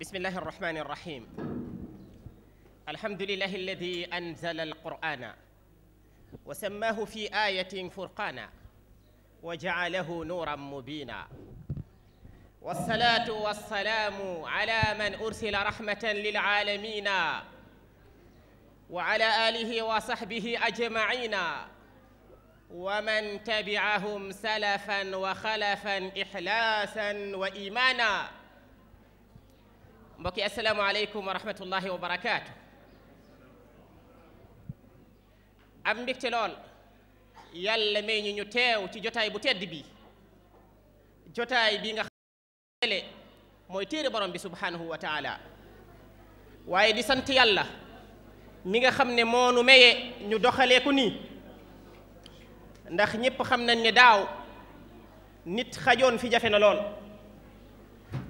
بسم الله الرحمن الرحيم الحمد لله الذي أنزل القرآن وسماه في آية فرقانا وجعله نورا مبينا والصلاة والسلام على من أرسل رحمة للعالمين وعلى آله وصحبه أجمعين ومن تبعهم سلفا وخلفا إحلاسا وإيمانا mbokk yi asalaamaaleykum wa rahmatullahi wa barakaatu am mbégte lool yàlla may ñu ñu teew ci jotaay bu tedd bi jotaay bi nga xamle mooy téere borom bi subhanahu wa taala waaye di sant yàlla mi nga xam ne moonu maye ñu doxalee ko nii ndax ñépp xam nañ ne daaw nit xajoon fi jafe na lool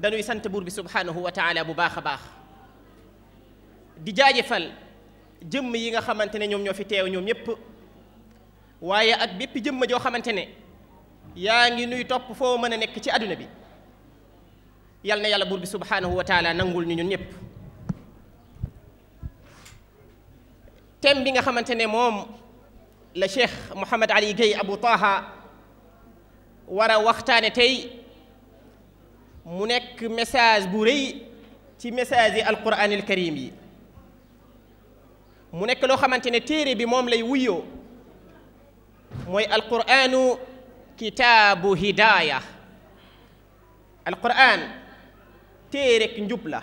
dañuy sant buur bi subhanahu wa taala bu baax a baax di jaajëfal jëmm yi nga xamante ne ñoom ñoo fi teew ñoom ñëpp waaye ak bépp jëmm joo xamante ne yaa ngi nuy topp foo mën a nekk ci àdduna bi yal na yàlla buur bi subhanahu wa taala nangul ñu ñun ñëpp thème bi nga xamante ne moom la Cheikh Mouhamed Ali Gueye Abou Taha war a waxtaane tey mu nekk message bu rëy ci message yi alquran al karim yi mu nekk loo xamante ne téere bi moom lay wuyoo mooy alquranu kitaabu hidaaya alquran téerek njub la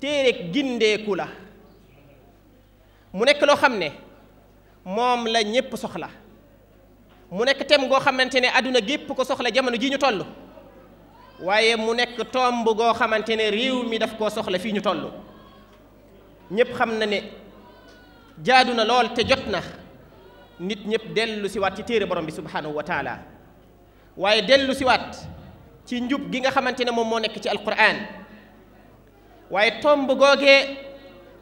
téerek gindeeku la mu nekk loo xam ne moom la ñépp soxla mu nekk tem goo xamante ne àdduna gépp ko soxla jamono ji ñu toll waye mu nek tomb go xamantene rew mi daf ko soxla fi ñu tollu ñëpp xam na ne jaaduna lol te jotna nit ñëpp ci wat ci tere borom bi subhanahu wa taala delu ci wat ci njub gi nga xamantene mom mo nek ci alquran waye tomb goge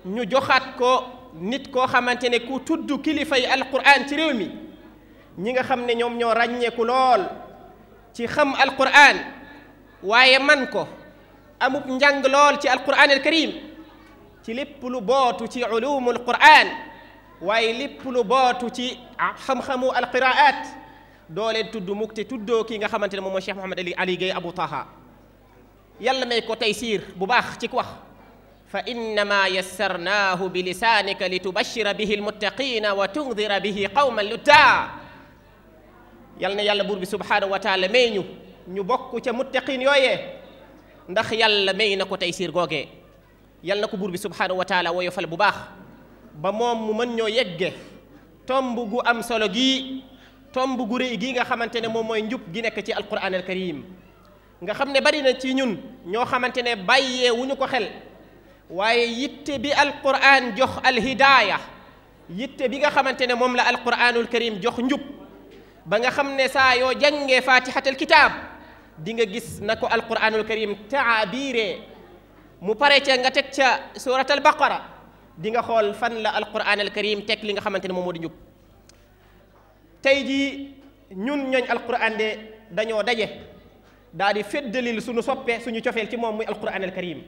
ñu joxat ko nit ko xamantene ku tuddu kilifa alquran ci rew mi ñi nga xamne ñom ñoom ragne ku lol ci xam alquran waye man ko amub njàng lol ci alquran alkarim ci lépp lu botu ci ulum alquran waye lépp lu botu ci xam-xamu alqiraat doo leen tudd mukk te tuddoo nga xamantene mom Cheikh mohammed Ali Ali gay Abou Taha yàlla may ko taysiir bu bax ci ko wax fa innama yassarnahu bi lisanika litubashshira bihi almuttaqina wa tunzira bihi qauman lutta yàlla na yàlla bur bi subhanahu wa taala meñu ñu bokk ca muttaqin yooyee ndax yàlla may na ko tey siir googee yàlla na ko bi subhanahu wa taala woyofal bu baax ba moom mu mën ñoo yegge tomb gu am solo gii tomb gu rëy gii nga xamante ne moom mooy njub gi nekk ci alquran al nga xam ne bari na ci ñun ñoo xamante ne bàyyee ko xel waaye yitte bi alquran jox alhidaya yitte bi nga xamante ne moom la alquranul karim jox njub ba nga xam ne saa yoo jàngee fatihatal di nga gis nako alquranul karim ta'abire mu pare ci nga tek ca surat al baqara di nga xol fan la alquranul al karim tek li nga xamanteni ne modi ñuk tay ji ñun ñoñ alquran de dañoo daje dadi di feddalil suñu soppe suñu ciofel ci mom muy alquranul al karim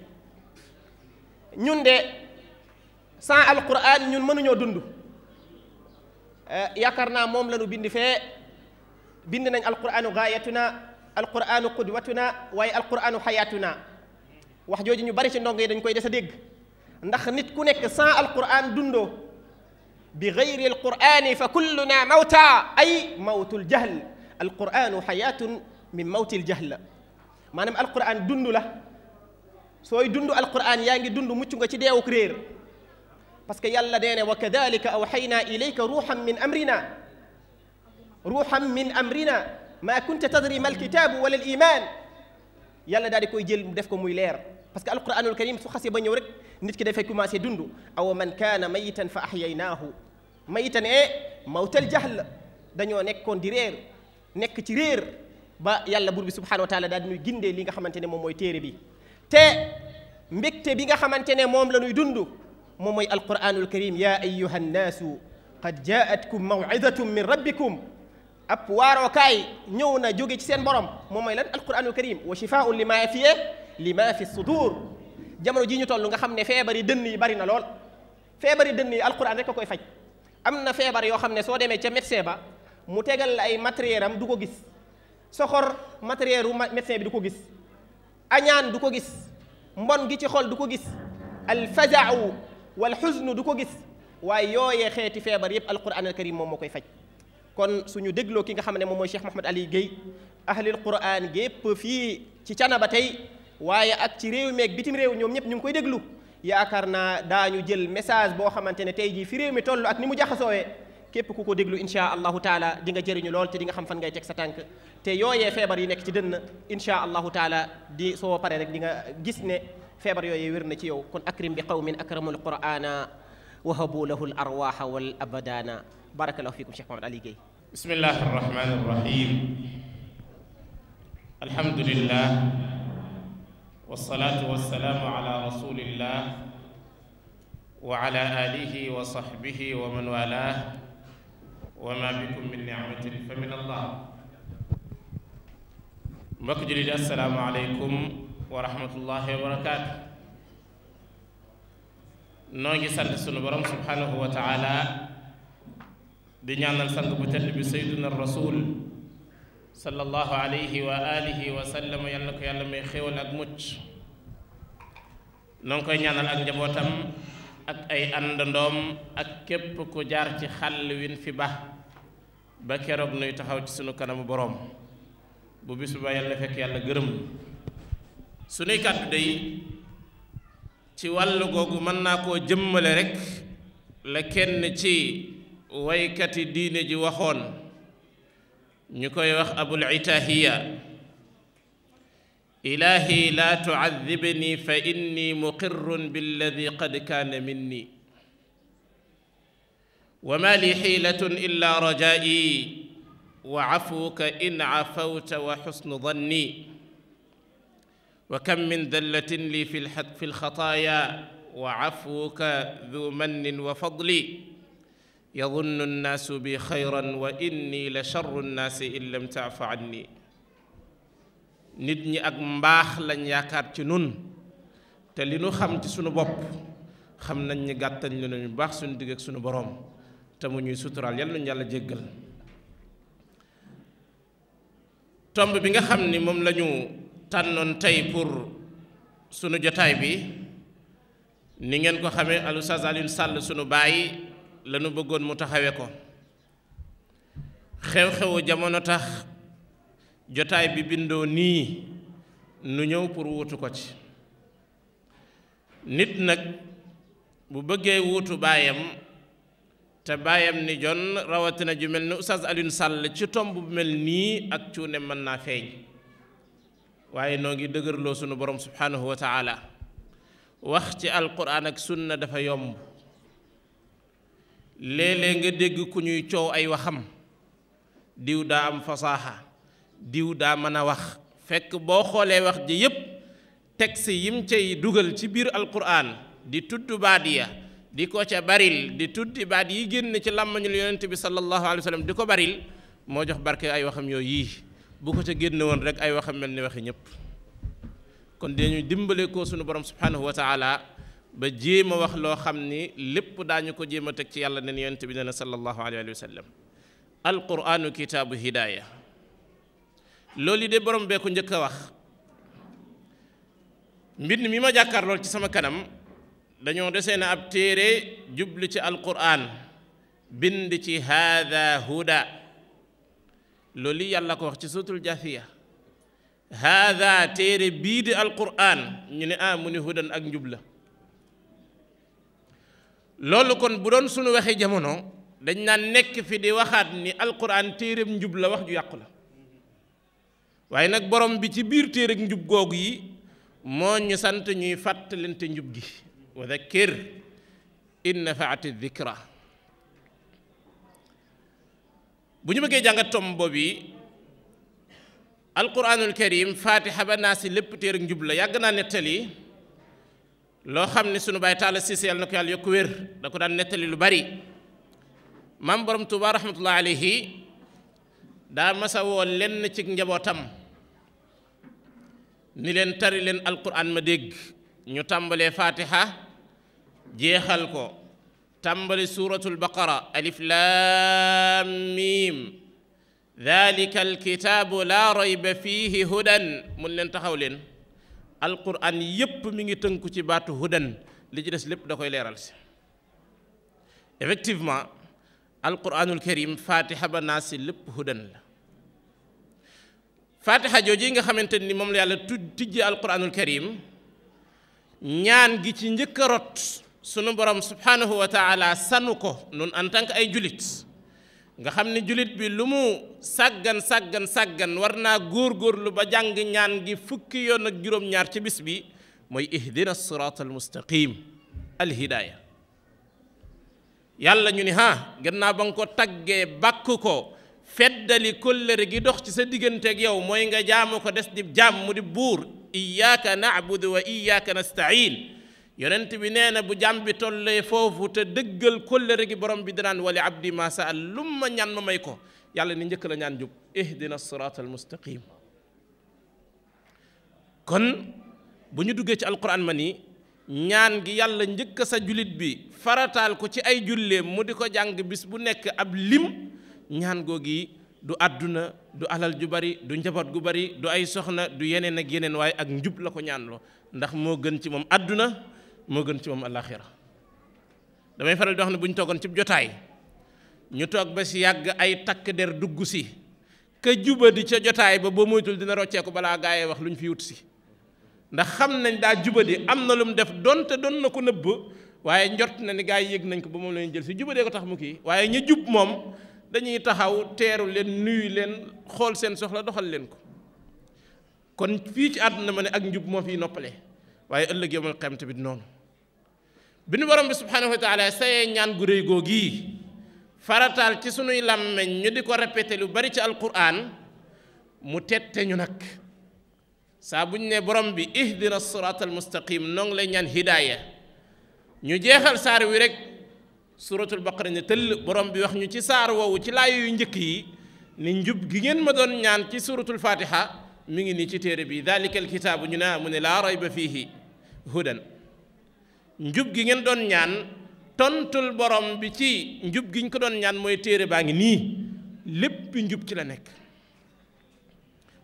ñun de sans alquran ñun mënuñoo dund yaakaar naa mom lañu ñu bind fee bind nañ alquranu gaayatuna القران قدوتنا واي القران حياتنا واخ جوجي ني بري سي ندونغي دنج كوي ديسا القران دوندو بغير القران فكلنا موتى اي موت الجهل القران حياه من موت الجهل مانام القران دوندو لا سوي دوندو القران يعني دوندو موچوغا سي ديوك رير باسكو يالا دينا وكذلك اوحينا اليك روحا من امرنا روحا من امرنا ما كنت تدري ما الكتاب ولا الايمان يلا داري كوي جيل ديف كو موي لير باسكو القران الكريم سو خاسي با نيو رك نيت كي دافاي كوماسي دوندو او من كان ميتا فاحييناه ميتا ايه موت الجهل دانيو نيكون دي رير نيك تي رير با يلا بور بي سبحانه وتعالى دا نوي غيندي ليغا خامتيني موم موي تيري بي تي مبيكتي بيغا خامتيني موم لا نوي دوندو موم موي القران الكريم يا ايها الناس قد جاءتكم موعظه من ربكم ab waarookaay ñëw na jóge ci seen borom moom mooy lan alquranul karim wa shifaun li maa fiye li maa fi sudur jamono ji ñu toll nga xam ne feebar yi dënn yi bari na lool feebar yi dënn yi alquran rek a koy faj am na feebar yoo xam ne soo demee ca médecin ba mu tegal la ay matériel am du ko gis soxor matériel u médecin bi du ko gis añaan du ko gis mbon gi ci xol du ko gis alfajau wal xusnu du ko gis waaye yooyee xeeti feebar yépp alquran al karim moom moo koy faj kon suñu deglo ki nga xamne mom moy Cheikh mohammed Ali gey ahli alquran gep fi ci tiana batay waye ak ci réew meeg bitim rew ñom ñep ñu ngi koy déglu yaakarna dañu jël message bo xamantene tay ji fi rew mi tollu ak ni mu jaxasoowee képp ku ko déglu insha allah taala di nga jëriñu lol te di nga xam fan ngay tek sa tànk te yoyé febar yi nek ci deun insha allah taala di so pare rek di nga gis ne febar yoyé wërna ci yow kon akrim bi qawmin akramul qur'ana وهبوا له الأرواح والأبدان بارك الله فيكم شيخ محمد علي جي. بسم الله الرحمن الرحيم الحمد لله والصلاة والسلام على رسول الله وعلى آله وصحبه ومن والاه وما بكم من نعمة فمن الله mbokk السلام عليكم ورحمة الله وبركاته نوجي سنت سنو برام سبحانه وتعالى دنيانا سنة بتل بسيدنا الرسول صلى الله عليه وآله وسلم يلنك يلنم يخيو الأدمج نوكي نيانا الأنجبوتم أك أي أندندوم أك كبكو جارتي خلوين في بح بكر ابن يتحوج سنو كنم برام ببسبا يلنفك يلنجرم سنو كاتب دي ci walu gogu man naa koo jëmmale rek la kenn ci way waykati diine ji waxon ñukoy wax abul itahiya ilahi la tu'adhibni fa inni muqirrun ladhi qad kana minni وما لي حيلة إلا رجائي وعفوك إن عفوت وحسن ظني وكم من ذلة لي في في الخطايا وعفوك ذو من وفضل يظن الناس بي خيرا واني لشر الناس ان لم تعف عني نيت ني اك مباخ لا نياكار تي نون تا لي نو خام تي سونو بوب خام نان ني غاتان ني نون باخ سونو ديغك سونو بروم تا مو ني سوترال يالا نون يالا جيغل تومب بيغا خام ني موم لا نيو tànnoon tey pour sunu jotaay bi ni ngeen ko xamee al Oustaz Alioune Sall sunu baay la bëggoon mu taxawee ko xew-xewu jamono tax jotaay bi bindoo nii nu ñëw pour wuutu ko ci nit nag bu bëggee wuutu baayam te baayam ni jon rawatina ju mel ni Oustaz Alioune sàll ci tomb bu mel nii ak cuune mën naa feeñ waaye noo ngi dëgërloo sunu borom subhanahu wa taala wax ci alquran ak sunna dafa yomb léeg nga dégg ku ñuy coow ay waxam diw daa am fasaaxa diw daa mën a wax fekk boo xoolee wax ji yépp texte yim cay dugal ci biir alquran di tudd baat ya di ko ca baril di tuddi baat yi génn ci làmmañul yonent bi sallallahu alayhi wa di ko baril moo jox barke ay waxam yooyu yii bu ko ca génne woon rek ay waxam mel ni waxi ñëpp kon dañuy dimbale ko sunu borom subhanahu wa taala ba jéem a wax loo xam ni lépp daañu ko jéem a teg ci yàlla neen yonent bi ne na sallallahu alayhi wa sallam alquranu kitabu hidaaya loolu de borom bee ko njëkk a wax mbind mi ma jàkkaar lool ci sama kanam dañoo desee na ab téere jubli ci alquran bind ci haada huda لولي يالله كو وخشي سوت الجاثية هذا تيري بيد القرآن نيني آ موني هدن أك نجبلا لولو كون بودون سونو وخي جامونو دنا نيك في دي وخات ني القرآن تيري نجبلا وخ جو يقلا واي نك بروم بي تي بير تيري نجب غوغي مو ني سانت ني فاتلنت نجب غي وذكر إن فعت الذكرى bu ñu bëggee jàngat tom boobu yi alquranul karim fatiha ba naa si lépp téer ak yàgg naa nettali loo xam ne sunu baay taala siise yàlla na ko yàlla yokk wér da ko daan nettali lu bari maam borom tuuba rahmatullah alayhi daa masa woo lenn ci njabootam ni leen tari leen alquran ma dégg ñu tàmbalee fatiha jeexal ko تنبل سورة البقرة ألف لام ميم ذلك الكتاب لا ريب فيه هدى ملن تخولين القرآن يب ميغي تنكو تي باتو هدى لجلس لب دخوي ليرالس إفكتفما القرآن الكريم فاتحة بناس لب هدى فاتحة جوجينغ خمنتني مملي على تجي القرآن الكريم نيان جيتي نيكروت sunu borom subhanahu wa taala sanu ko nun en tant que ay julit nga xamni julit bi lumu saggan sàggan sàggan warna gor gor lu ba jàng ñaan gi fukki yon ak juróom-ñaar ci bis bi moy ihdina siraat al mustaqim al hidayah yàlla ñu ni ha ganna bang ko tagge bakku ko feddali kóllëre gi dox ci sa ak yow moy nga jaamu ko dess di jaam mu di bur iyyaka na'budu wa iyyaka nastain yonent bi nee na bu jàmm bi tollee foofu te dëggal kóllëre gi borom bi danaan wali abdi ma sa lum ma ñaan ma may ko yàlla ni njëkk la ñaan jub ihdina siraat al mustaqim kon bu ñu duggee ci alquran ma ni ñaan gi yàlla njëkk sa jullit bi farataal ko ci ay julleem mu di ko jàng bis bu nekk ab lim ñaan googi du àdduna du alal ju bari du njaboot gu bari du ay soxna du yeneen ak yeneen waaye ak njub la ko ñaanloo ndax moo gën ci moom àdduna moo gën ci moom àllaaxira damay faral di wax ne bu ñu toogoon cib jotaay ñu toog ba si yàgg ay takk der dugg si ka di ca jotaay ba boo moytul dina rocceeku balaa gaayee wax lu ñu fi wut si ndax xam nañ daa jubadi am na lu mu def donte doon na ko nëbb waaye njot na ni gaa yi yëg nañ ko ba moom la jël si jubadee ko tax mu kii waaye ña jub moom dañuy taxaw teeru leen nuyu leen xool seen soxla doxal leen ko kon fii ci àdduna ma ne ak njub moo fiy noppale waaye ëllëg yomal xam tamit noonu bi borom bi subhanahu wa taala sayee ñaan gu réy googii farataal ci sunuy làmmeñ ñu di ko répété lu bari ci alquran mu tette ñu nag saa buñ ne borom bi ihdina siraat almustaqim noo lay ñaan hidaaya ñu jeexal saar wi rek suratul baqara ne tëll borom bi wax ñu ci saar woowu ci laay yu njëkk yi ni njub gi ngeen ma doon ñaan ci suratul fatiha mi ngi nii ci téere bi dalika alkitaabu ñu naa mu ne laa rayba fiihi hudan njub gi ngeen doon ñaan tontul borom bi ci njub gi ñu ko doon ñaan mooy téere baa ngi nii lépp njub ci la nekk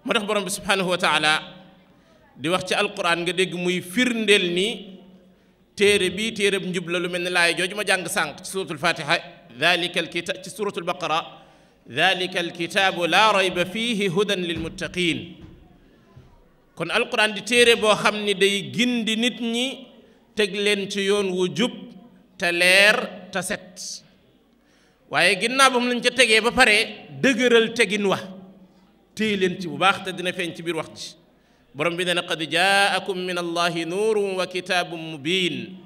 moo tax borom bi subhanahu wa di wax ci alquran nga dégg muy firndeel ni téere bii téere bu njub la lu mel ni laay jooju ma jàng sànk ci suratul fatiha dalika alkitab ci suratul baqara dalika alkitaabu laa rayba fiihi hudan lilmuttaqin kon alquran di téere boo xam ni day gindi nit ñi teg leen ci yoon wu jub te leer te set waaye ginnaaw ba mu lañ ca tegee ba pare dëgëral tegin wa téye leen ci bu baax te dina feeñ ci biir wax ji borom bi ne na qad jaakum min allahi nuurun wa kitaabun mubiin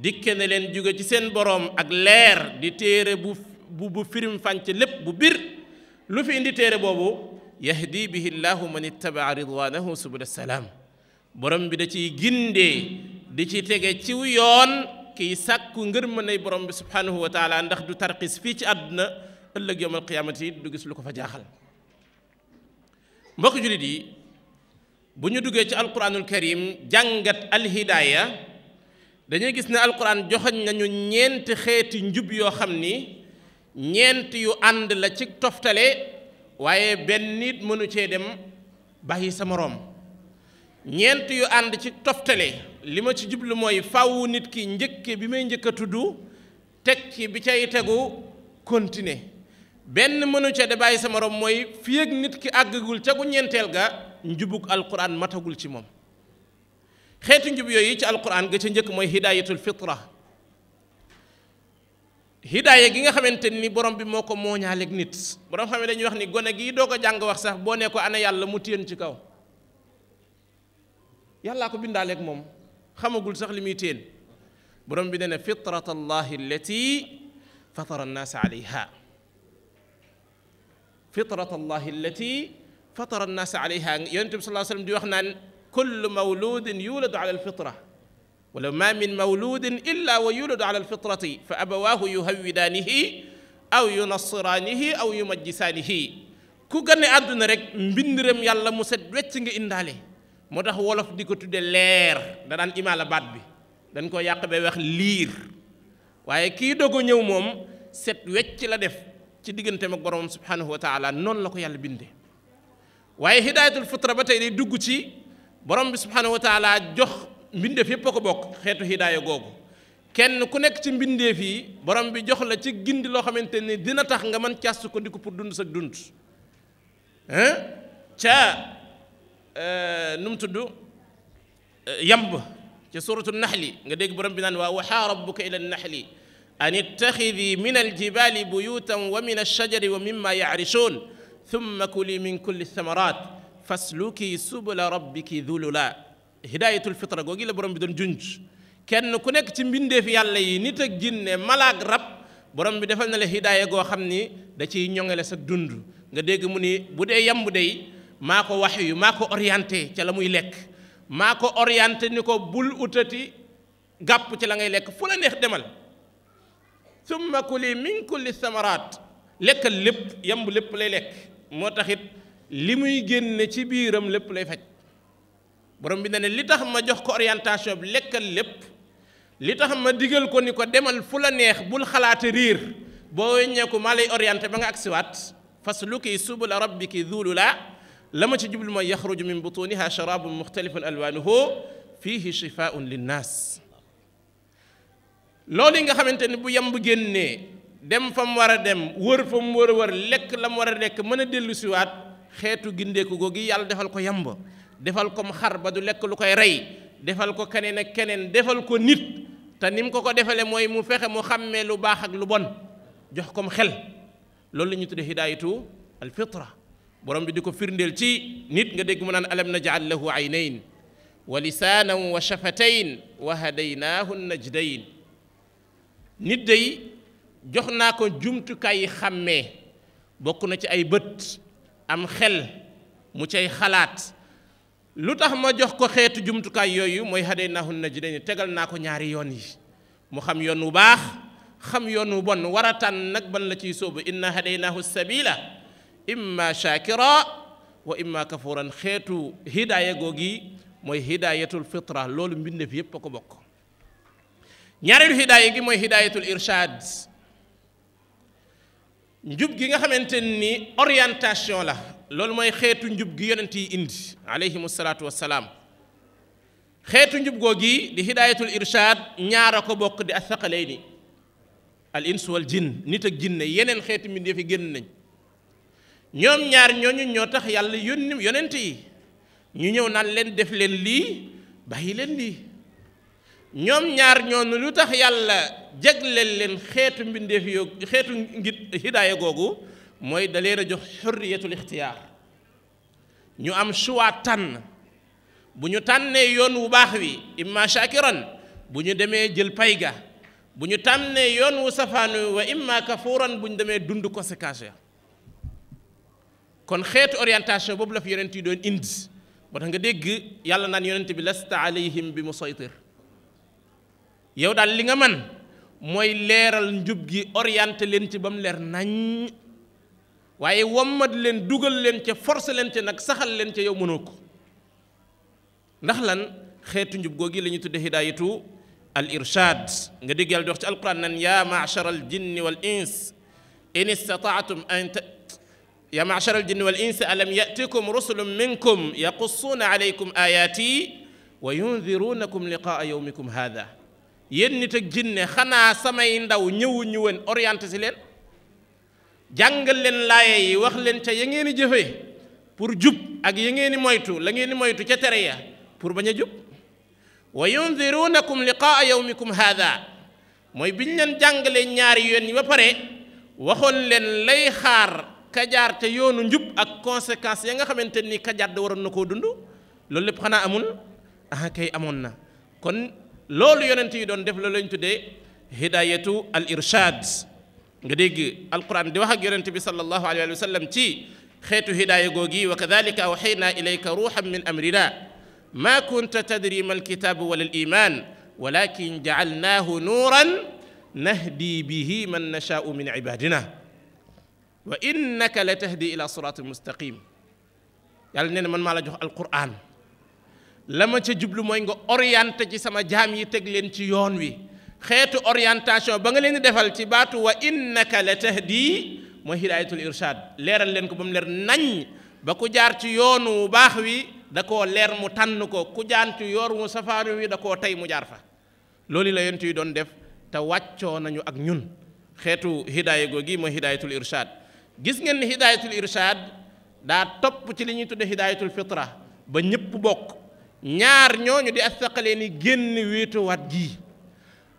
dikke na leen jóge ci seen boroom ak leer di téere bu bu firim fànc lépp bu bir lu fi indi téere boobu yahdi bihi llahu man ittabaa ridwanahu subula salaam borom bi da ciy gindee di ci tege ciw yoon kiy mën ngërmënay borom bi subhanahu wa taala ndax du tarxis fii ci àdduna ëllëg yawmal qiyaamati yi du gis lu ko fa jaaxal mbokk jullit yi bu ñu duggee ci alquranul karim jàngat ya dañuy gis ne alquran joxoñ nañu ñeenti xeeti njub yoo xam ni ñeent yu ànd la ci toftale waaye benn nit mënu cee dem bàyyi sa moroom ñeent yu ànd ci toftale li ma ci jublu mooy fàww nit ki njëkke bi may njëkk a tudd teg ci bi cay tegu continuer benn mënu ca de bàyyi sa morom mooy fii nit ki àggagul ca gu ñeenteel ga njubug alquran matagul ci moom xeetu njub yooyu ci alquran ga ca njëkk mooy hidayatul fitra hidaaya gi nga xamante ni borom bi moo ko mooñaaleeg nit borom xam ne dañuy wax ni gone gii doo ko jàng wax sax boo ne ko ana yàlla mu téen ci kaw يلا كو بندالك مم خمو قول سخ لمي برم بدنا فطرة الله التي فطر الناس عليها فطرة الله التي فطر الناس عليها ينتم صلى الله عليه وسلم دي وخنا كل مولود يولد على الفطرة ولو ما من مولود إلا ويولد على الفطرة فأبواه يهودانه أو ينصرانه أو يمجسانه كو غني أدنى رك مبندرم يالله مسد ويتنغ إندالي moo tax wolof di ko tudde leer da daan imaala baat bi dañ koo yàq bay wax liir waaye kii doog a ñëw moom set wecc la def ci diggante ak borom subhanahu wa noonu la ko yàlla bindee waaye hidayatul fitra ba tey day dugg ci borom bi subhanahu wa jox mbindeef yépp a ko bokk xeetu hidaaya googu kenn ku nekk ci mbindeef yi borom bi jox la ci gindi loo xamante ni dina tax nga mën càss ko di ko pour dund sa dund ca nu mu tudd yamb ci suratu naxli nga dégg borom bi naan waa waxaa rabbuka ila naxli an ittaxidi min aljibali buyutan wa min alshajari wa mima yacrishun ثم كلي من كل الثمرات فاسلكي سبل ربك ذللا هداية الفطرة googi la borom bi doon junj kenn ku nekk ci mbindeef yàlla yi nit ak jinne malaak rab borom bi defal na la hidaaya goo xam da ciy ñoŋale sa dund nga dégg mu ni bu yamb day maa ko wax yu maa ko orienté ca la muy lekk maa ko orienté ni ko bul utati gàpp ci la ngay lekk fu la neex demal summa kuli min kulli samaraat lekkal lépp yamb lépp lay lekk moo tax it li muy génne ci biiram lépp lay faj borom bi ne ne li tax ma jox ko orientation bi lekkal lépp li tax ma digal ko ni ko demal fu la neex bul xalaate riir boo weññeeku maa lay orienté ba nga agsiwaat fasluki subula rabbiki laa لما تجيب ما يخرج من بطونها شراب مختلف الألوان هو فيه شفاء للناس لولينغا خامتاني بو يام بو генني ديم فام ورا ديم وور فام وور وور ليك لام ورا ليك مانا ديلو سي وات خيتو غينديكو غوغي يال ديفال كو يامبا ديفال كوم خار با دو ليك لوكاي ري ديفال كو كانينا كينين ديفال كو نيت تا نيم كوكو ديفال موي مو فخه مو خامي لو باخ اك لو بون جوخ كوم خيل لول لي ني تودي هدايتو الفطره borom bi diko firndel ci nit nga deg mu nan alam najal lahu aynayn wa lisanan wa shafatayn wa hadaynahu najdayn nit day joxna ko jumtu kay xàmmee bokku na ci ay beut am xel mu cey xalaat lutax ma jox ko xeetu kay yoyu moy hadaynahu najdayn tegal nako ñaari yoon yi mu xam yoon bu baax xam yoon bu bon waratan nak ban la ci sóobu inna hadaynahu sabila imma shakira wa imma kafuran xeetu hidaaya googi mooy hidayatul fitra loolu mbindeef yépp a ko bokk ñaareelu hidaaya gi mooy hidayatul irshad njub gi nga xamante ni orientation la loolu mooy xeetu njub gi yonent yi indi alayhimu salaatu wassalaam xeetu njub googi di hidayatul irshad ñaar a ko bokk di athaqalayni al ins wal jin nit ak jinne yeneen xeetu mbindeef yi génn nañ ñoom ñaar ñooñu ñoo tax yàlla yónni yonent yi ñu ñëw naan leen def leen lii bàyyi leen lii ñoom ñaar ñooñu lu tax yàlla jagleel leen xeetu mbindeef yoo xeetu ngit hidaaya googu mooy da leen a jox xurriyatul ixtiyaar ñu am choix tànn bu ñu tànnee yoon wu baax wi imma shakiran bu ñu demee jël payga bu ñu tànnee yoon wu safaan wi wa imma kafuuran bu ñu demee dund conséquence ya kon xeetu orientation boobu la fi yonent yi doon indi ba tax nga dégg yàlla naan yonent bi lasta alayhim bi musaytir yow daal li nga man mooy leeral njub gi orienté leen ci ba mu leer nañ waaye wommat leen dugal leen ca forcé leen ca nag saxal leen ca yow mënoo ko ndax lan xeetu njub googi la ñuy tudde hidayatu al irshad nga dégg yàlla di wax ci alquran nan ya maachara al jinni wal ins in istataatum an يا معشر الجن والإنس ألم يأتكم رسل منكم يقصون عليكم آياتي وينذرونكم لقاء يومكم هذا يني تجن خنا سما يندا ونيو نيوين أريانت سلين جنجل لين لاي وخل لين تيجيني جفي بور جوب أجي يجيني مايتو لجيني مايتو كتريا بور بني جوب وينذرونكم لقاء يومكم هذا موي بنيان جنجل نياري يني وبره وخل لين لاي خار kajaar te yoonu njub ak conséquence ya nga xamante ni kajaar da waroon na koo dund loolu lépp xanaa amul ah kay amoon na kon loolu yonent yi doon def loolu lañ tuddee hidayatu al irshad nga dégg alquran di wax ak yonent bi sallallahu alayhi wa sallam ci xeetu hidaaya googi wa kadalika awxayna ilayka ruuxan min amrina ma kunta tadri ma alkitaabu wala aliman walakin jacalnaahu nuuran nahdi bihi man nashaau min ibadina وإنك لتهدي إلى صراط المستقيم يالا نين من مالا جوخ القران لما تي جوبلو موي غو اورينتا سي سما جام يي تيك لين سي يون وي خيتو اورينتاسيون باغا لين ديفال سي باتو وانك لتهدي مو هدايه الارشاد ليرال لين كو بام لير ناج باكو جار سي يونو باخ وي داكو لير مو تان كو كو جان تي يور مو سفارو وي داكو تاي مو جار فا لولي لا يونتي دون ديف تا واتيو نانيو اك نيون خيتو هدايه غوغي مو هدايه الارشاد gis ngeen ni hidayatul daa topp ci li ñuy tudde hidayatul fitra ba ñëpp bokk ñaar ñooñu di asaqalee ni génn wéetuwaat gii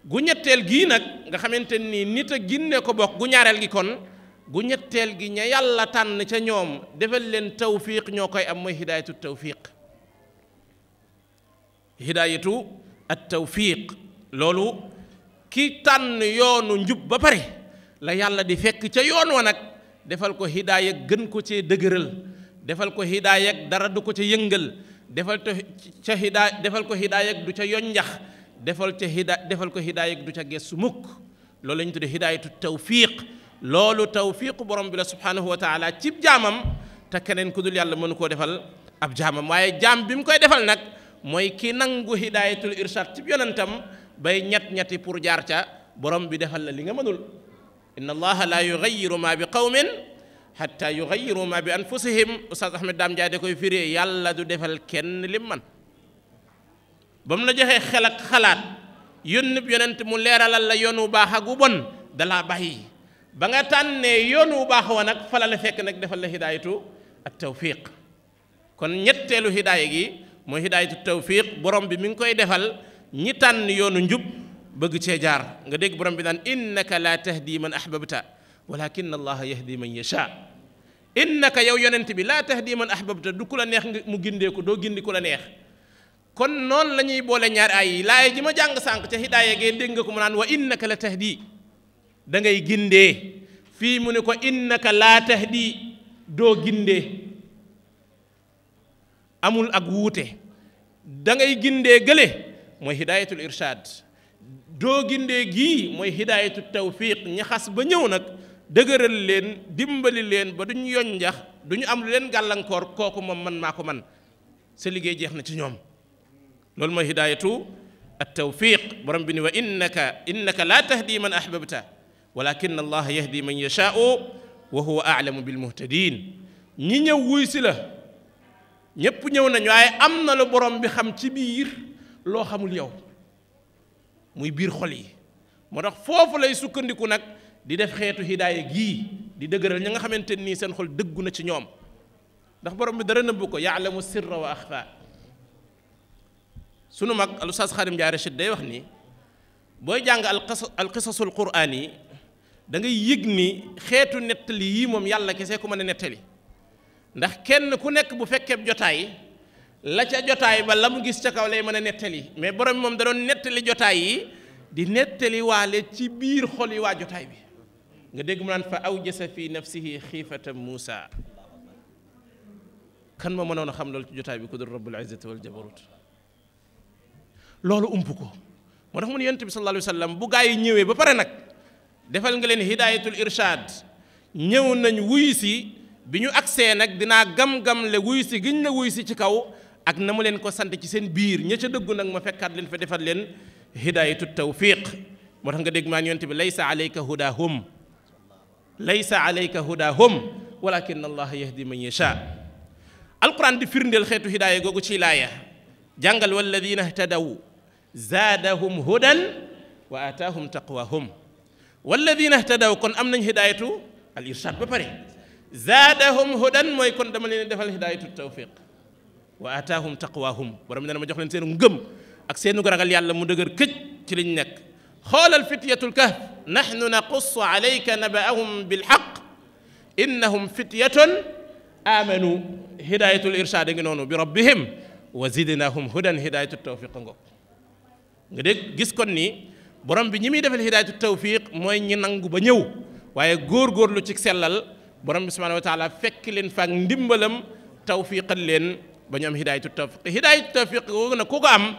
gu ñetteel gii nag nga xamante ni nit a ginne ko bokk gu ñaareel gi kon gu ñetteel gi ña yàlla tànn ca ñoom defal leen tawfiq ñoo koy am mooy hidayatu tawfiq hidayatu at tawfiq loolu ki tànn yoonu njub ba pare la yàlla di fekk ca yoon wa nag defal ko hidaaya gën ko cee dëgëral defal ko hidaaya ak dara du ko ca yëngal defal ca hidaaya defal ko hidaaya ak du ca yonjax defal ca hidaaya defal ko hidaaya ak du ca gestu mukk loolu la ñu tuddee hidaayatu tawfiq loolu tawfiqu borom bi la subhanahu wa taala cib jaamam te keneen ku dul yàlla mënu koo defal ab jaamam waaye jaam bi mu koy defal nag mooy ki nangu hidaayatul irshad cib yonentam bay ñett ñetti pour jaar ca borom bi defal la li nga mënul إن الله لا يغير ما بقوم حتى يغيروا ما بأنفسهم أستاذ أحمد دام جاade koy firi yàlla du defal kenn lim man ba mu la joxee xel ak xalaat yónnib yonent mu leeralal la yoon wu baax ak wu bon dalaa bàyyi ba nga tànnee yoon wu baax wa nag fala la fekk nag defal la hidaayatu ak tawfiq kon ñetteelu hidaaya gi mooy hidaayatu tawfiq borom bi mi ngi koy defal ñi tànn yoonu njub bëgg cee jaar nga dégg borom bi naan innaka laa tahdi man ahbabta walakin allaha yahdi man yasha innaka yow yonent bi laa tahdi man ahbabta du ku la neex mu gindee ko doo gindi ku la neex kon noonu la ñuy boole ñaar ay yi ji ma jàng sànq ca hidaaya gee dégg nga ko mu naan wa innaka la tahdi dangay ngay gindee fii mu ne ko innaka laa tahdi doo gindee amul ak wuute da ngay gindee gële mooy hidayatul irshad doo gindee gii mooy hidaayatu tawfiq ñi xas ba ñëw nag dëgëral leen dimbali leen ba duñu yoñ njax duñu am lu leen gàllankoor kooku moom man maa ko man sa liggéey jeex na ci ñoom loolu mooy hidaayatu at tawfiq borom bi ni wa innaka innaka laa tahdi man ahbabta walakin allah yahdi man yashaau wa huwa aalamu bil muhtadin ñi ñëw wuy si la ñépp ñëw nañu am na lu borom bi xam ci biir loo xamul yow muy biir xol yi moo tax foofu lay sukkandiku nag di def xeetu hidaaya gii di dëgëral ña nga xamante nii seen xol dëggu na ci ñoom ndax borom bi dara nëbbu ko yaalamu sirra wa axfa sunu mag al ustaas xaadim Njaay day wax ni booy jàng al qisasul quraan yi da yëg ni xeetu nettali yii moom yàlla kese ku mën a nettali ndax kenn ku nekk bu fekkee jotaay la ca jotaay ba lam mu gis ca kaw lay mën a nettali mais borom bi moom da doon netali jotaay yi di netali waale ci biir xol yi waa jotaay bi nga dégg mu naan fa awjasa fi nafsihi xiifata Muusa kan ma mënoon a xam loolu ci jotaay bi ku dul rabbul izzati wal jabarut loolu ump ko moo tax mu ne yonent bi sallallahu alayhi wa bu gaa yi ñëwee ba pare nag defal nga leen hidayatul irshad ñëw nañ wuyu si bi ñu agsee nag dinaa gam-gam le wuyu si giñ la wuyu si ci kaw ak na mu leen ko sante ci sen biir ñe ca dëggu nak ma fekkat len fa defal len hidayatu tawfiq motax nga deg ma yonte bi laysa alayka hudahum laysa alayka hudahum walakin allah yahdi man yasha alquran di firndel xetu hidaaya gogu ci laya jàngal ladina ihtadaw zadahum hudan wa atahum taqwahum ladina ihtadaw kon am nañ hidayatu al irshad ba pare zaadahum hudan mooy kon dama leen defal hidayatu tawfiq واتاهم تقواهم برام دا ما جخ لين سينو گم اك سينو راغال يالا مو دغر كج تي لين نيك خول الفتيه الكهف نحن نقص عليك نبأهم بالحق انهم فتيه امنوا هدايه الارشاد غي نونو بربهم وزدناهم هدى هدايه التوفيق غوك غديك گيس كون ني برام بي نيمي التوفيق موي ني نانغو با غور غور لو تي سلال برام سبحانه وتعالى فك لين توفيق لين ba ñu am hidaayatu tawfiq hidaayatu tawfiq woogu na ku ko am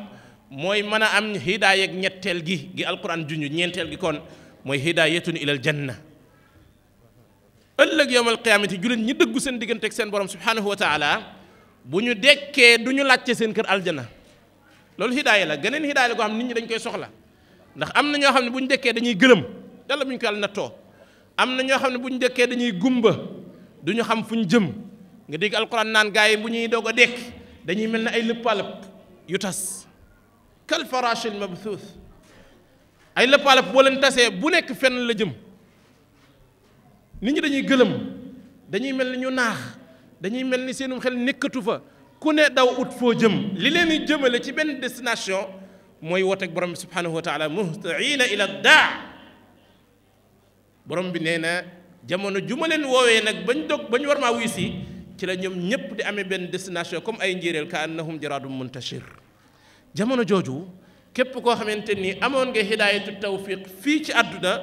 mooy mën a am hidaaya ak ñetteel gi gi alquran junj ñeenteel gi kon mooy hidaayatun ilal janna ëllëg yowmal qiyaamati jullit ñi dëggu seen diggante ak seen borom subhanahu wa taala bu ñu dekkee du ñu laajte seen kër aljana loolu hidaaya la geneen hidaaya la ko xam nit ñi dañ koy soxla ndax am na ñoo xam ne bu ñu dekkee dañuy gëlëm yàlla bu ñu ko yàlla am na ñoo xam ne bu ñu dekkee dañuy gumba du xam fu ñu jëm nga dégg alquran naan gaa yi bu ñuy doog a dekk dañuy mel ne ay lëppalëp yu tas kal farashil mabthuus ay lëppalëp boo leen tasee bu nekk fenn la jëm nit ñi dañuy gëlëm dañuy mel ni ñu naax dañuy mel ni seenum xel nekkatu fa ku ne daw ut foo jëm li leen di jëmale ci benn destination mooy wooteeg borom bi subhanahu wa taala muhtaina ila daa borom bi nee na jamono ju ma leen woowee nag bañ dog bañ war maa wuy si ci la ñoom ñëpp di amee benn destination comme ay njéeréel ka annahum jaraadum muntashir jamono jooju képp koo xamante ni amoon nga hidaayatu tawfiq fii ci àdduna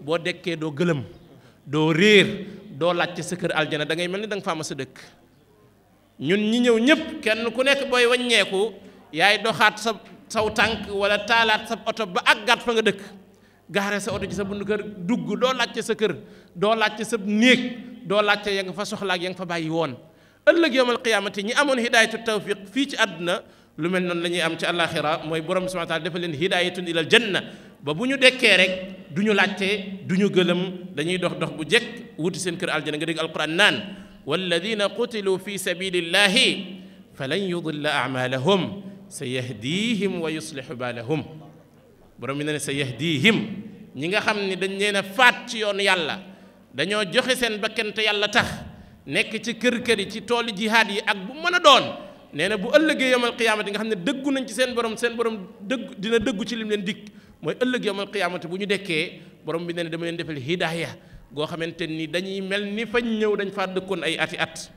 boo dekkee doo gëlëm doo réer doo laajte sa kër aljana dangay mel ni da nga faama sa dëkk ñun ñi ñëw ñëpp kenn ku nekk booy waññeeku yaay doxaat sa saw tànk wala taalaat sa oto ba àggaat fa nga dëkk gaare sa oto ci sa bundu kër dugg doo laajte sa kër doo laajte sa néeg doo laajte ya nga fa soxla ya nga fa bàyyi woon ëllëg yowmal qiyaamati ñi amoon hidaayatu tawfiq fii ci àdduna lu mel noonu la ñuy am ci àllaaxira mooy borom bi subhaana taala dafa leen hidayatun ila janna ba bu ñu dekkee rek duñu ñu laajte du gëlëm dañuy dox dox bu jekk wuti seen kër aljana nga dégg alquran naan walladina qutilu fi sabilillahi falan yudilla amalahum sayahdihim wa yuslihu balahum borom bi ne ne ñi nga xam ne dañ leen a faat ci yoonu yàlla dañoo joxe seen bakkante yàlla tax nek ci kër kër ci toolu jihad yi ak bu mën doon neena bu ëllëgee yamal qiyamati nga xamne dëggu nañ ci seen borom seen borom dëgg dina dëggu ci lim leen dik moy ëllëg yamal qiyamati bu ñu dekkee borom bi neena dama leen defal hidayah go xamanteni dañuy melni fa ñëw dañ fa dëkkoon ay ati at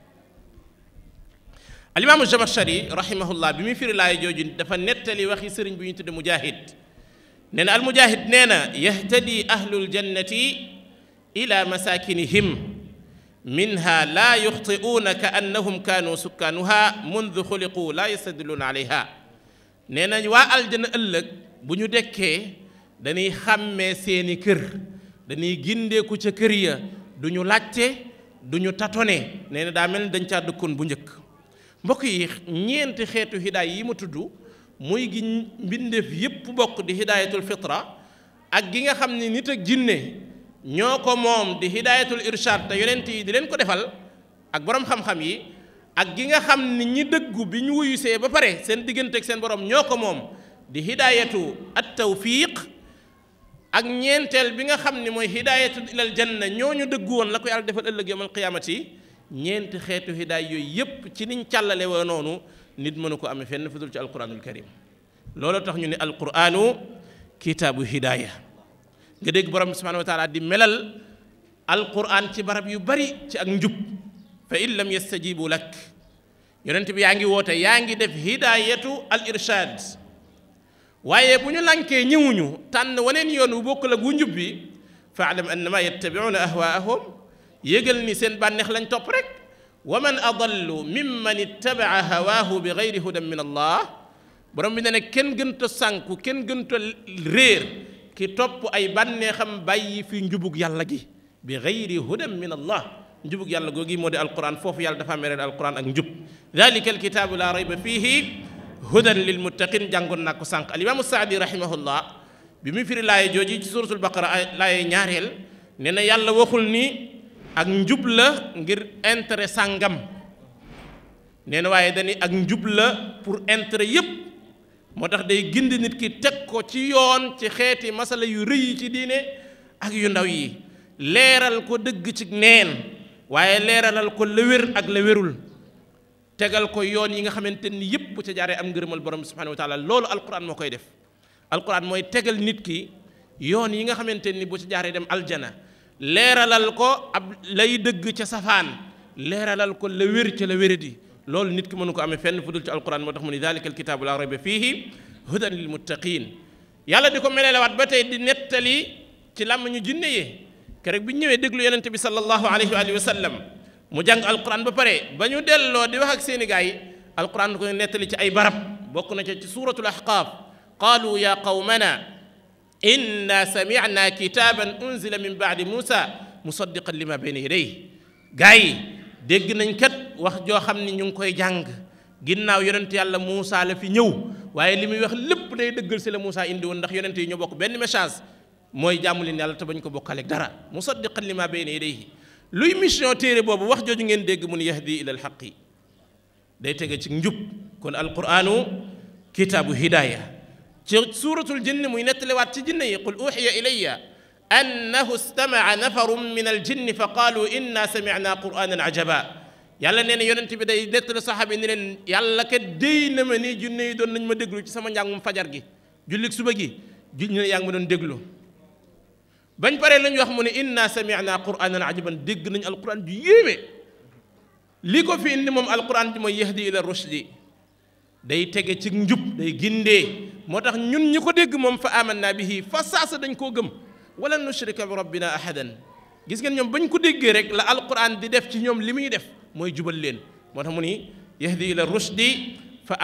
al imam jamashari rahimahullah bi mi firi laay joju dafa netali waxi serign bu ñu tudde mujahid neena al mujahid neena yahtadi ahlul jannati ila masakinihim minha laa yuxti'uuna ka annahum kaanu sukkaanuha mundu xuliqu laa yastadilluuna alayha nee nañ waa aljana ëllëg bu ñu dekkee dañuy xàmmee seeni kër dañuy gindeeku ca kër ya du ñu laajte du ñu tatone nee na daa mel ni dañ caa dëkkoon bu njëkk mbokk yi ñeenti xeetu hidaay yi ma tudd muy gi mbindeef yépp bokk di hidaayatul fitra ak gi nga xam ne nit ak jinne ñoko mom di hidayatul irshad te yonent yi di len ko defal ak borom xam-xam yi ak gi nga xam ni ñi degg bi ñu wuyusee ba pare seen diggante ak seen borom ñoko mom di hidayatu at tawfiq ak ñentel bi nga xam ni moy hidayatu ilal janna ñoo ñu dëggu woon la ko yàlla defal ëllëg yawmal qiyamati ñent xeetu hidaay yoy yépp ci niñ cyallalé wa nonu nit mënu ko amee fenn fudul ci alquranul karim lolo tax ñu ne alquranu kitabu hidayah nga dégg borom subhanahu wa taala di melal alquran ci barab yu bari ci ak njub fa in lam yastajibu lak yonent bi yaangi ngi yaangi def hidayatu al irshad waaye bu ñu ñëwuñu tan wonen yoon wu bokk la gu njub bi faalam annama yattabiuna ahwaahum yëgal ni seen banex lañ top rek ومن أضل ممن mimman هواه بغير هدى من الله min allah borom bi سانكو ne kenn رير ki topp ay bànneexam bàyyi fi njubug yàlla gi bi gayri hudan min allah njubug yàlla googi moo di alquran foofu yàlla dafa mereel alquran ak njub dalika alkitaabu laa rayba fiihi hudan lil muttaqin jàngoon naa ko sànq alimaamu saadi rahimahullah bi mu firi laaye jooji ci suratul baqara laaye ñaareel nee na yàlla waxul ni ak njub la ngir intérêt sàngam nee na waaye dani ak njub la pour intérêt yépp moo tax day gindi nit ki teg ko ci yoon ci xeeti masala yu rëy yi ci diine ak yu ndaw yi leeral ko dëgg ci neen waaye leeralal ko la wér ak la wérul tegal ko yoon yi nga xamante ni yëpp bu ca jaaree am ngërëmal borom subhanahu wa taala loolu alquran moo koy def alquran mooy tegal nit ki yoon yi nga xamante ni bu ca jaaree dem aljana leeralal ko ab lay dëgg ca safaan leeralal ko la wér ca la wéradi لول نيت كمنو كامي فن فدول تال القرآن مدخ من ذلك الكتاب لا ريب فيه هدى للمتقين يلا ديكم ملا لوات بتا دي نتلي تلام نيو جيني كرك بي نيوي ديغلو يلانتي صلى الله عليه واله وسلم مو القران با بري با نيو ديلو دي واخ سيني غاي القران كو نتلي تي اي بارب بوكو تي سوره الاحقاف قالوا يا قومنا إنا سمعنا كتابا أنزل من بعد موسى مصدقا لما بين يديه. جاي dégg nañ kat wax joo xam ni ñu ngi koy jàng ginnaaw yonent yàlla Moussa la fi ñëw waaye li muy wax lépp day dëggal si la Moussa indi woon ndax yonent yi ñoo bokk benn message mooy jaamu leen yàlla te bañ ko bokkaleeg dara musaddiqan lima bayna yadayhi luy mission téere boobu wax jooju ngeen dégg mun yahdi ila alxaqi day tege ci njub kon alquranu kitaabu hidaaya ci suuratul jinni muy nettaliwaat ci jinne yi qul uxiya ilayya أنه استمع نفر من الجن فقالوا إنا سمعنا قرآنا عجبا yàlla nee na yonent bi day nettali saxaaba yi ni leen yàlla kat déy na ma ni junne yi doon nañ ma déglu ci sama njàngum fajar gi jullig suba gi junne yaa ngi ma doon déglu bañ paree lañ wax mu ne inna sami'na qur'anan ajaban dégg nañ alquran ju yéeme li ko fi indi moom alquran bi mooy yahdi ila rushdi day tege ci njub day gindee moo tax ñun ñi ko dégg moom fa amanna bihi fa saasa dañ koo gëm ولن نشرك بربنا احدا ahadan نيوم بن كو ديغي ريك لا القران دي ديف سي نيوم لي ñoom li muy def mooy jubal leen moo tax mu ni yahdi ila rushdi fa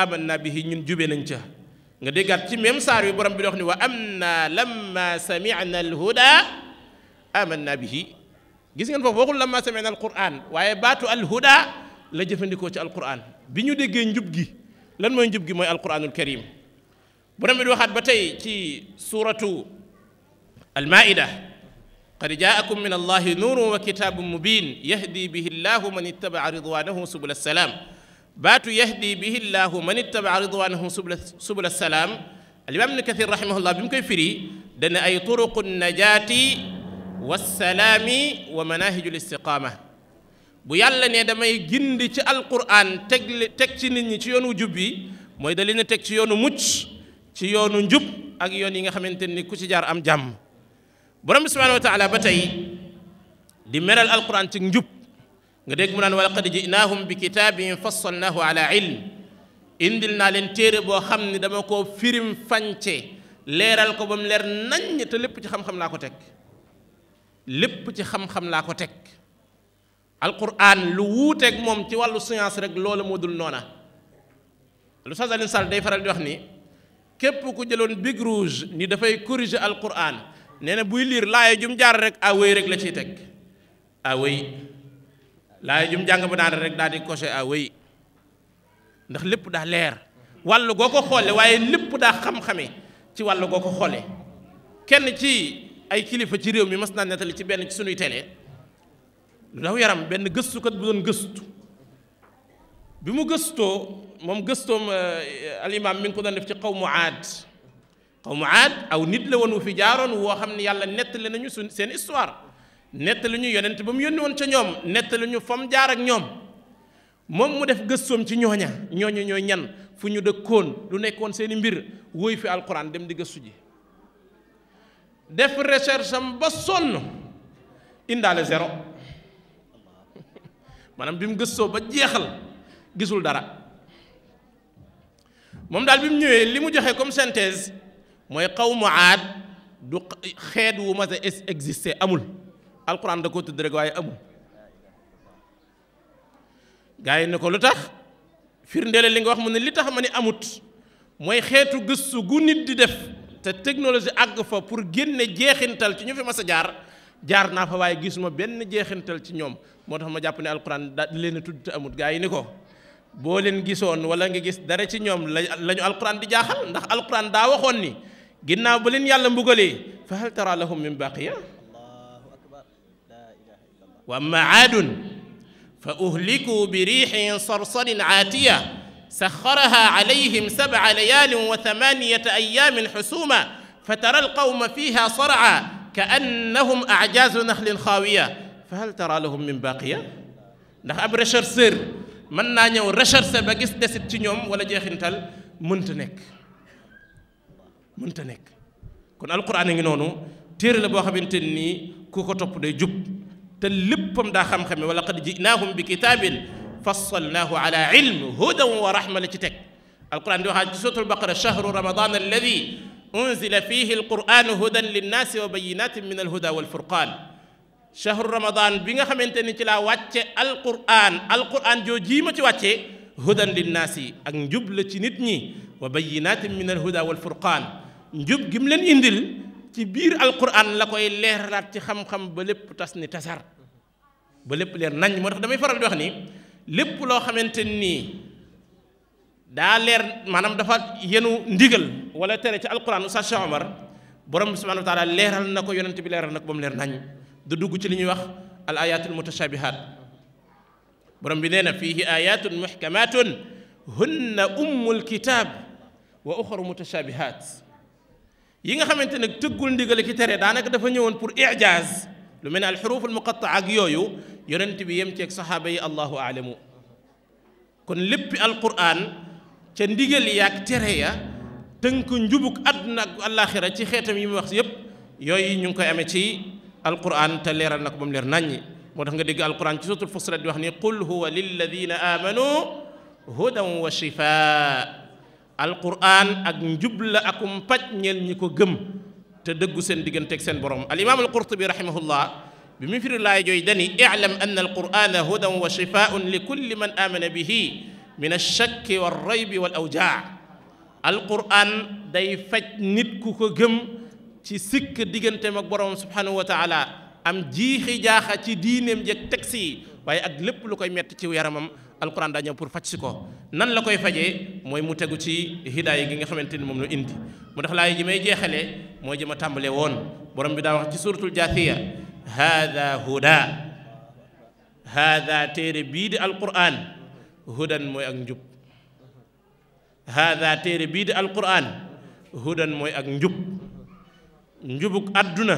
nga déggaat ci même saar yi borom bi dox ni wa amna lamma sami'na alhuda amanna bihi gis ngeen foofu waxul lamma sami'na alquran waaye baatu alhuda la jëfandikoo ci alquran bi ñu déggee njub gi lan mooy njub gi mooy alquranul karim borom bi di waxaat ba tey ci suratu المائدة قد جاءكم من الله نور وكتاب مبين يهدي به الله من اتبع رضوانه سبل السلام بات يهدي به الله من اتبع رضوانه سبل, سبل السلام الإمام ابن كثير رحمه الله بمكي فري دن أي طرق النجاة والسلام ومناهج الاستقامة بو يالا ني damay gindi ci القران teg teg ci nit ñi ci yoonu jub bi mooy da leen teg ci yoonu mucc ci yoonu njub ak yoon yi nga xamante ni ku borom bi subhanahu wa taala ba tey di melal alquran ci njub nga dégg mu naan wala qad jinahum bi kitaabin fassalnahu ala ilm indil naa leen téere boo dama koo firim fanché leeral ko ba mu leer naññ te lépp ci xam-xam laa ko teg lépp ci xam-xam laa ko teg alquran lu wuuteeg moom ci wàllu science rek loola moo dul lu Oustaz Alioune day faral di wax ni képp ku jëloon big rouge ni dafay corriger alquran nee na buy liir laaya jum jaar rek awéy rek la ciy teg awéy laaya jum jàng ba daan rek daal di coché awéy ndax lépp daa leer wàll goo ko xoole waaye lépp daa xam-xame ci wàll goo ko xoole kenn ci ay kilifa ci réew mi mas naa nettali ci benn ci sunuy télé lu daw yaram benn gëstukat bu doon gëstu bi mu gëstoo moom gëstoom eh, alimaam mi ngi ko doon def ci xaw mu aad xawmu aad aw nit la woon wu fi jaaroon woo xam ne yàlla nettali nañu suñ seen histoire nettali ñu yonent ba mu yónni woon ca ñoom la ñu fa mu jaar ak ñoom moom mu def gëstoom ci ñooña ñooña ñooy ñan fu ñu dëkkoon lu nekkoon seen i mbir wóoy fi alquran dem di gëstu ji def recherche ba sonn indaale zéro maanaam bi mu gëstoo ba jeexal gisul dara moom daal bi mu ñëwee li mu joxe comme synthèse mooy xawmu aad du xeet wu mas a existé amul alxuraan da ko tudd rek waaye amul gaa yi ne ko lu tax firndeele li nga wax mu ne li tax ma ne amut mooy xeetu gëstu gu nit di def te technologie àgg fa pour génne jeexintal ci ñu fi mas a jaar jaar naa fa waaye gis gisuma benn jeexintal ci ñoom moo tax ma jàpp ne alxuraan da leen a tudd te amut gaa yi ni ko boo leen gisoon wala nga gis dara ci ñoom la la ñu alxuraan di jaaxal ndax alxuraan daa waxoon ni ginaaw bu leen yàlla mbugalee fa hal tara lahum min baqiya wa amma aadun fa uhliku bi riixin sarsarin aatiya سخرها عليهم سبع ليال وثمانية أيام حسوما فترى القوم فيها صرعى كأنهم أعجاز نخل خاوية فهل ترى لهم من باقية؟ نحن أب رشر سر من نانيو رشر سبا جس دس ولا جيخ انتل منتنك mënta nekk kon alquran a ngi noonu téere la boo xamante ku ko topp day jub te léppam daa xam-xame wala qad jinahum bi kitabin fassalnaahu ala ilm hudan wa rahma la ci teg alquran di waxaat ci suratul baqara chahru ramadan alladi unzila fihi alquran hudan linnaasi wa bayinatin min alhuda furqan shahru ramadan bi nga xamante ni ci laa wàcce alquran alquran joo jii ma ci wàcce hudan linnaasi ak njub la ci nit ñi wa bayinatin min alhuda njub gim len indil ci biir alquran la koy leralat ci xam-xam ba lépp tas ni tasar ba lépp leer nañ motax damay faral di wax ni lépp lo xamanteni da leer manam dafa yenu ndigal wala tere ci alquran Oustaz Cheikh Omar borom subhanahu wa taala leral nako yonent bi leral nako bam leer nañ du dugg ci li wax al ayatul mutashabihat borom bi neena fihi ayatun muhkamatun hunna ummul kitab wa uxaru mutashabihat yi nga xamante nag tëggul ndigal ki tere daanaka dafa ñëwoon pour ijaaz lu mel ne alxuruful muqataa ak yooyu yonent bi yem ceeg saxaaba yi allahu aalamu kon léppi alquran ca ndigal yaak tere ya tënk njubug àdduna ak àllaaxira ci xeetam yi mu wax yépp yooyu ñu ngi koy amee ci alquran te leeral na ko ba mu leer naññi moo tax nga dégg alquran ci suutul fusilat di wax ni qul huwa lilladina amanu hudan wa shifaa القران اك نجبل اكم باج نيل نيكو گم تا دگو سن ديغنتك سن بروم الامام القرطبي رحمه الله بمن في الله جوي دني اعلم ان القران هدى وشفاء لكل من امن به من الشك والريب والاوجاع القران داي فاج نيت كوكو گم تي سيك ديغنتي مك بروم سبحانه وتعالى ام جيخي جاخا تي دينم جي تكسي واي اك لپ لوكاي ميت تي يرامم alquran daa ñëw pour faj si ko nan la koy fajee mooy mu tegu ci hidaaya gi nga xamante ni moom la indi mu tax laay ji may jeexale mooy ji ma tàmbalee woon borom bi daa wax ci suratul jaathiya haada huda haada téere bii di alquran hudan mooy ak njub haada téere bii di alquran hudan mooy ak njub njubuk adduna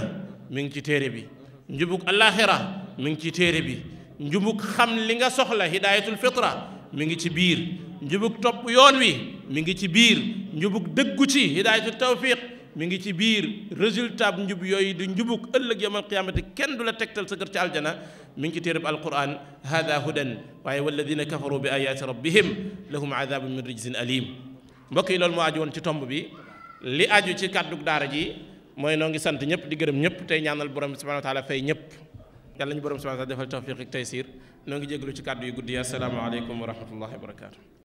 mi ngi ci téere bi njubuk alaxira mi ci téere bi njubuk xam li nga soxla hidayatul fitra mi ngi ci biir njubuk top yoon wi mi ngi ci biir njubuk dëggu ci hidayatul tawfiq mi ngi ci biir résultat njub yoy di njubuk ëllëg yamal qiyamati kenn du la sa kër ci aljana mi ngi ci alquran hada hudan waaye walladina kafaru bi ayati rabbihim lahum adhabun min rijzin alim mbokk yi loolu mo aju won ci tomb bi li aju ci kaddu daara ji moy no ngi sant ñep di gërëm ñep tay ñaanal borom subhanahu wa taala fay ñep yàlla ñu borom subhaanahu wa taala defal tawfiq ak taysiir noo ngi jégalu ci kàddu yu guddi yi asalaamaaleykum wa rahmatullahi wa barakaatu.